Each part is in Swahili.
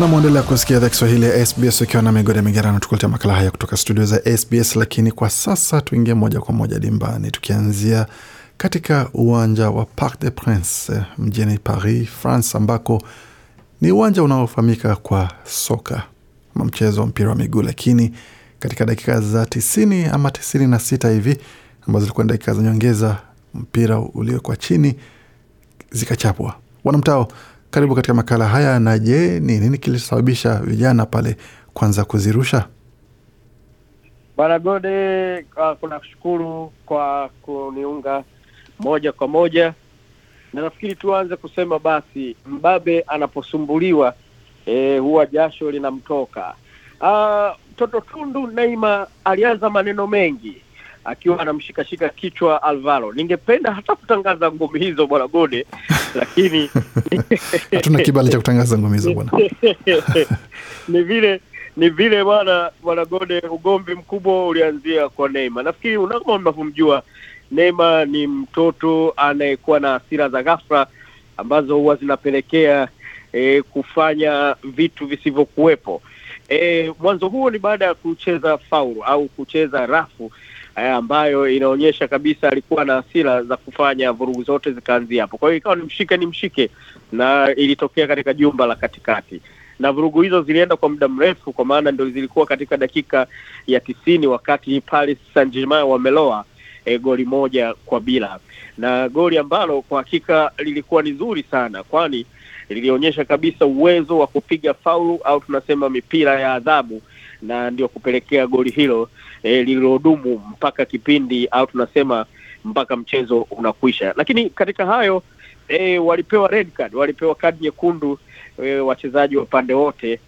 na mwendelea kusikia idhaa Kiswahili ya SBS ukiwa na migode migerano, tukuletea makala haya kutoka studio za SBS. Lakini kwa sasa tuingie moja kwa moja dimbani, tukianzia katika uwanja wa Parc des Princes eh, mjini Paris, France, ambako ni uwanja unaofahamika kwa soka ama mchezo wa mpira wa miguu. Lakini katika dakika za tisini ama tisini na sita hivi ambazo zilikuwa ni dakika za nyongeza, mpira uliowekwa chini zikachapwa wanamtao karibu katika makala haya. Na je, ni nini kilisababisha vijana pale kwanza kuzirusha? Bwana Gode, kuna kushukuru kwa kuniunga moja kwa moja, na nafikiri tuanze kusema basi, mbabe anaposumbuliwa e, huwa jasho linamtoka. Ah, mtoto Tundu Neima alianza maneno mengi akiwa anamshikashika kichwa Alvaro. Ningependa hata kutangaza ngumi hizo bwana Gode, lakini hatuna kibali cha kutangaza ngumi hizo bwana. Ni vile ni vile bwana bwana Gode, ugomvi mkubwa ulianzia kwa Neymar. Nafikiri unama unavyomjua Neymar ni mtoto anayekuwa na hasira za ghafla ambazo huwa zinapelekea e, kufanya vitu visivyokuwepo. E, mwanzo huo ni baada ya kucheza faulu au kucheza rafu Eh, ambayo inaonyesha kabisa alikuwa na hasira za kufanya vurugu zote zikaanzia hapo. Kwa hiyo ikawa ni mshike ni mshike, na ilitokea katika jumba la katikati, na vurugu hizo zilienda kwa muda mrefu, kwa maana ndio zilikuwa katika dakika ya tisini wakati Paris Saint-Germain wameloa e, goli moja kwa bila, na goli ambalo kwa hakika lilikuwa ni zuri sana, kwani lilionyesha kabisa uwezo wa kupiga faulu au tunasema mipira ya adhabu na ndio kupelekea goli hilo e, lililodumu mpaka kipindi au tunasema mpaka mchezo unakwisha. Lakini katika hayo e, walipewa red card, walipewa kadi nyekundu e, wachezaji wa pande wote.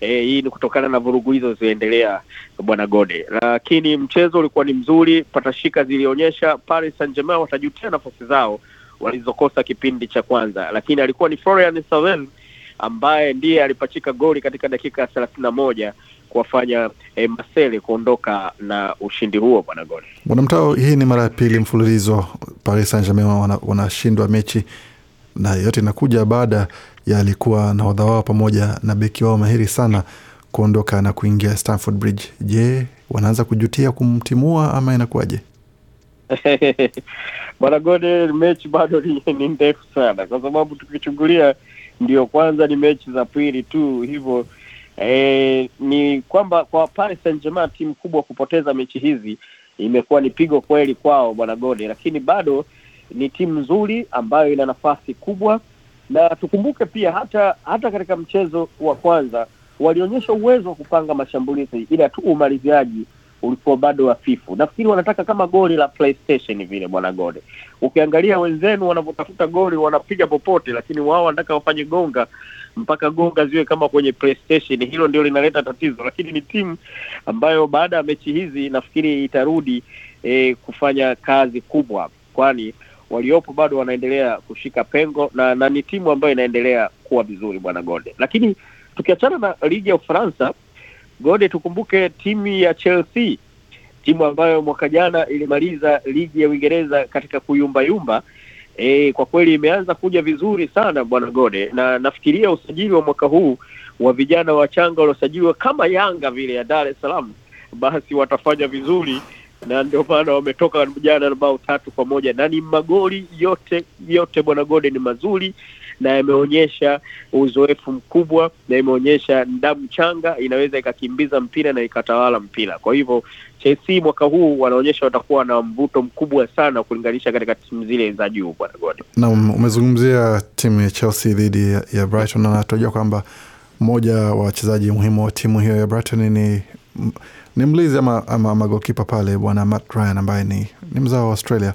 E, hii ni kutokana na vurugu hizo zilizoendelea bwana Gode, lakini mchezo ulikuwa ni mzuri, patashika zilionyesha Paris Saint-Germain watajutia nafasi zao walizokosa kipindi cha kwanza, lakini alikuwa ni Florian Seven ambaye ndiye alipachika goli katika dakika thelathini na moja kuwafanya e, eh, Masele kuondoka na ushindi huo. Bwana Goli, Bwana Mtao, hii ni mara ya pili mfululizo Paris Saint-Germain wanashindwa wana mechi na yote inakuja baada ya alikuwa nahodha wao pamoja na beki wao mahiri sana kuondoka na kuingia Stamford Bridge. Je, wanaanza kujutia kumtimua ama inakuwaje? Bwana Gode, mechi bado ni ndefu sana, kwa sababu tukichungulia, ndio kwanza ni mechi za pili tu, hivyo E, ni kwamba kwa Paris Saint-Germain timu kubwa kupoteza mechi hizi imekuwa ni pigo kweli kwao bwana Gode, lakini bado ni timu nzuri ambayo ina nafasi kubwa, na tukumbuke pia hata hata katika mchezo wa kwanza walionyesha uwezo wa kupanga mashambulizi, ila tu umaliziaji ulikuwa bado hafifu. Nafikiri wanataka kama goli la PlayStation vile bwana Gode. Ukiangalia wenzenu wanavyotafuta goli wanapiga popote, lakini wao wanataka wafanye gonga mpaka gonga ziwe kama kwenye PlayStation. Hilo ndio linaleta tatizo, lakini ni timu ambayo baada ya mechi hizi nafikiri itarudi eh, kufanya kazi kubwa, kwani waliopo bado wanaendelea kushika pengo na, na ni timu ambayo inaendelea kuwa vizuri bwana Gode. Lakini tukiachana na ligi ya Ufaransa Gode, tukumbuke timu ya Chelsea, timu ambayo mwaka jana ilimaliza ligi ya Uingereza katika kuyumbayumba. E, kwa kweli imeanza kuja vizuri sana bwana Gode, na nafikiria usajili wa mwaka huu wa vijana wachanga waliosajiliwa kama Yanga vile ya Dar es Salaam, basi watafanya vizuri, na ndio maana wametoka jana na bao tatu kwa moja na ni magoli yote yote bwana Gode ni mazuri na imeonyesha uzoefu mkubwa na imeonyesha damu changa inaweza ikakimbiza mpira na ikatawala mpira. Kwa hivyo Chelsea mwaka huu wanaonyesha watakuwa na mvuto mkubwa sana kulinganisha katika timu zile za juu. Bwana God, umezungumzia timu ya Chelsea dhidi ya, ya Brighton na tunajua kwamba mmoja wa wachezaji muhimu wa timu hiyo ya Brighton ni ni mlizi ama, ama, ama pale bwana Matt Ryan ambaye ni, ni mzao wa Australia.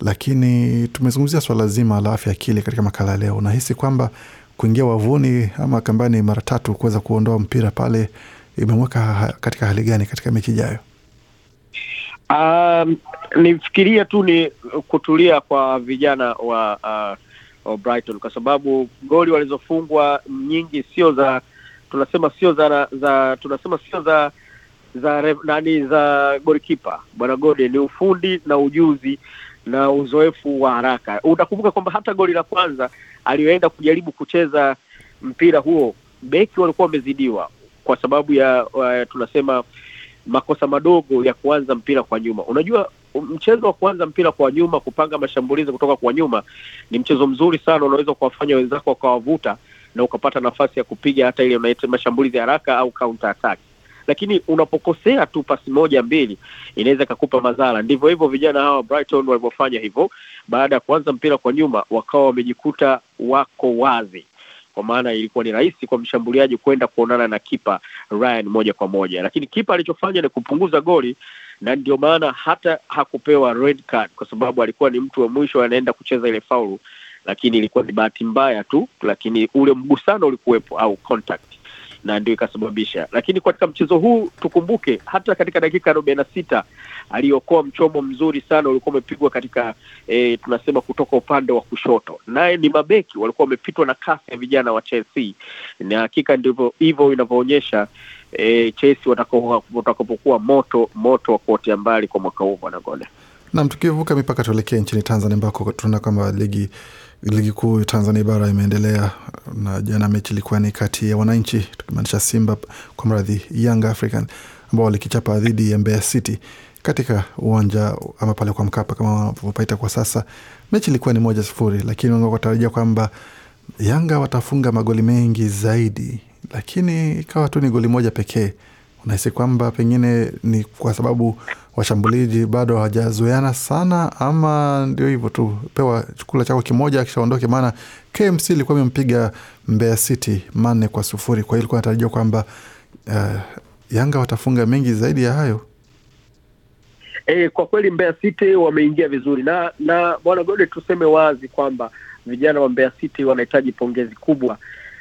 Lakini tumezungumzia swala zima la afya akili katika makala ya leo. Nahisi kwamba kuingia wavuni ama kambani mara tatu kuweza kuondoa mpira pale imemweka katika hali gani katika mechi ijayo? Um, nifikiria tu ni kutulia kwa vijana wa, uh, Brighton kwa sababu goli walizofungwa nyingi sio za tunasema sio za, za tunasema sio za za nani za golikipa bwana Gode, ni ufundi na ujuzi na uzoefu wa haraka. Utakumbuka kwamba hata goli la kwanza aliyoenda kujaribu kucheza mpira huo, beki walikuwa wamezidiwa kwa sababu ya uh, tunasema makosa madogo ya kuanza mpira kwa nyuma. Unajua, mchezo wa kuanza mpira kwa nyuma, kupanga mashambulizi kutoka kwa nyuma ni mchezo mzuri sana, unaweza kuwafanya wenzako wakawavuta na ukapata nafasi ya kupiga hata ile mashambulizi haraka au counter attack lakini unapokosea tu pasi moja mbili inaweza ikakupa madhara. Ndivyo hivyo vijana hawa Brighton walivyofanya hivyo, baada ya kuanza mpira kwa nyuma wakawa wamejikuta wako wazi kwa maana ilikuwa ni rahisi kwa mshambuliaji kwenda kuonana na kipa Ryan moja kwa moja, lakini kipa alichofanya ni kupunguza goli, na ndio maana hata hakupewa red card kwa sababu alikuwa ni mtu wa mwisho anaenda kucheza ile faulu, lakini ilikuwa ni bahati mbaya tu, lakini ule mgusano ulikuwepo au contact na ndio ikasababisha. Lakini katika mchezo huu tukumbuke, hata katika dakika arobaini na sita aliokoa mchomo mzuri sana ulikuwa umepigwa katika e, tunasema kutoka upande wa kushoto, naye ni mabeki walikuwa wamepitwa na kasi ya vijana wa Chelsea, na hakika ndivyo hivyo inavyoonyesha e, Chelsea watakapokuwa moto moto wa kuotea mbali kwa mwaka huu bwana Gode. Nam, tukivuka mipaka tuelekee nchini Tanzania ambako tunaona kwamba ligi Ligi kuu Tanzania bara imeendelea na jana mechi ilikuwa ni kati ya wananchi tukimaanisha Simba kwa mradhi Young African ambao walikichapa dhidi ya Mbeya City katika uwanja ama pale kwa Mkapa kama wanavyopaita kwa sasa. Mechi ilikuwa ni moja sifuri, lakini wengi wakatarajia kwamba Yanga watafunga magoli mengi zaidi, lakini ikawa tu ni goli moja pekee Unahisi kwamba pengine ni kwa sababu washambuliji bado hawajazoeana sana, ama ndio hivyo tu, pewa chakula chako kimoja akishaondoke Maana KMC ilikuwa imempiga mbea City manne kwa sufuri. Kwa hiyo ilikuwa natarajia kwamba uh, Yanga watafunga mengi zaidi ya hayo. E, kwa kweli mbea City wameingia vizuri na na bwana Gode, tuseme wazi kwamba vijana wa mbea City wanahitaji pongezi kubwa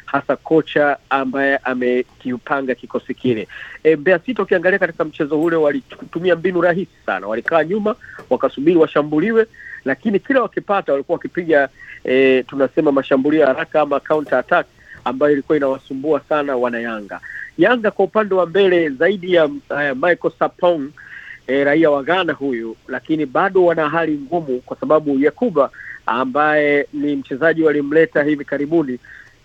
hasa kocha ambaye amekiupanga kikosi kile. E, Mbeya City ukiangalia katika mchezo ule walitumia mbinu rahisi sana, walikaa nyuma wakasubiri washambuliwe, lakini kila wakipata walikuwa wakipiga e, tunasema mashambulio ya haraka ama counter attack ambayo ilikuwa inawasumbua sana wanayanga. Yanga kwa upande wa mbele zaidi ya uh, Michael Sapong E, raia wa Ghana huyu, lakini bado wana hali ngumu kwa sababu Yakuba ambaye ni mchezaji walimleta hivi karibuni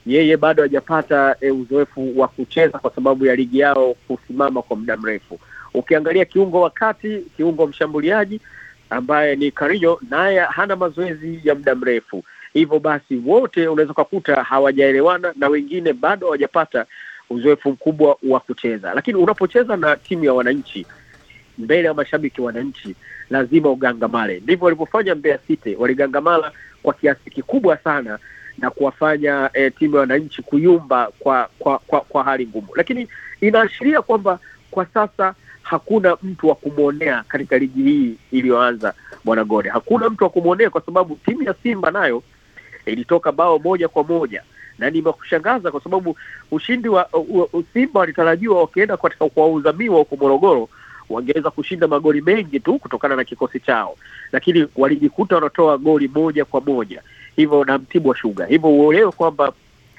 yeye bado hajapata e, uzoefu wa kucheza kwa sababu ya ligi yao kusimama kwa muda mrefu. Ukiangalia kiungo wa kati, kiungo mshambuliaji ambaye ni Carillo, naye hana mazoezi ya muda mrefu. Hivyo basi wote unaweza ukakuta hawajaelewana na wengine bado hawajapata uzoefu mkubwa wa kucheza. Lakini unapocheza na timu ya wananchi mbele ya mashabiki wananchi, lazima ugangamale. Ndivyo walivyofanya Mbeya City, waligangamala kwa kiasi kikubwa sana na kuwafanya e, timu ya wananchi kuyumba kwa kwa, kwa kwa hali ngumu, lakini inaashiria kwamba kwa sasa hakuna mtu wa kumwonea katika ligi hii iliyoanza Bwana Gode, hakuna mtu wa kumwonea kwa sababu timu ya Simba nayo ilitoka bao moja kwa moja na nimekushangaza kwa sababu ushindi wa u, u, Simba walitarajiwa wakienda katika kwa uzamiwa huko Morogoro wangeweza kushinda magoli mengi tu kutokana na kikosi chao, lakini walijikuta wanatoa goli moja kwa moja hivyo na msimu wa shuga, hivyo uelewe kwamba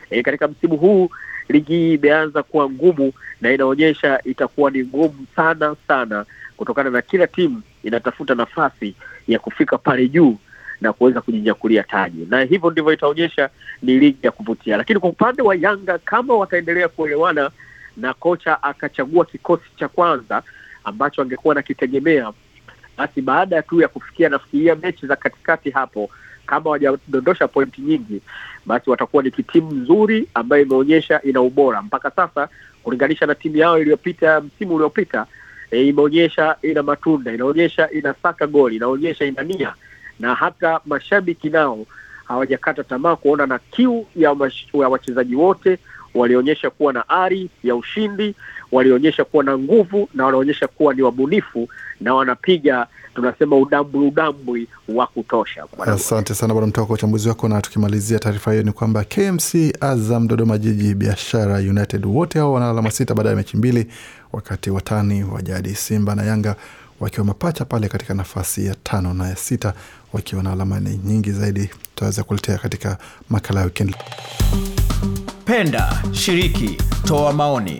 e, katika msimu huu ligi hii imeanza kuwa ngumu na inaonyesha itakuwa ni ngumu sana sana, kutokana na kila timu inatafuta nafasi ya kufika pale juu na kuweza kujinyakulia taji, na hivyo ndivyo itaonyesha ni ligi ya kuvutia. Lakini kwa upande wa Yanga, kama wataendelea kuelewana na kocha akachagua kikosi cha kwanza ambacho angekuwa anakitegemea, basi baada tu ya kufikia nafikiria mechi za katikati hapo kama wajadondosha pointi nyingi, basi watakuwa ni kitimu nzuri ambayo imeonyesha ina ubora mpaka sasa kulinganisha na timu yao iliyopita msimu uliopita. E, imeonyesha ina matunda, inaonyesha ina saka goli, inaonyesha ina nia, na hata mashabiki nao hawajakata tamaa kuona na kiu ya, ya wachezaji wote walionyesha kuwa na ari ya ushindi walionyesha kuwa na nguvu na wanaonyesha kuwa ni wabunifu na wanapiga tunasema udambwi udambwi wa kutosha. Asante sana Bwana Mtoa kwa uchambuzi wako, na tukimalizia taarifa hiyo ni kwamba KMC, Azam, Dodoma Jiji, Biashara United wote hao wana alama sita baada ya mechi mbili, wakati watani wa jadi Simba na Yanga wakiwa mapacha pale katika nafasi ya tano na ya sita wakiwa na alama nyingi zaidi. Tutaweza kuletea katika makala ya wikendi. Penda, shiriki, toa maoni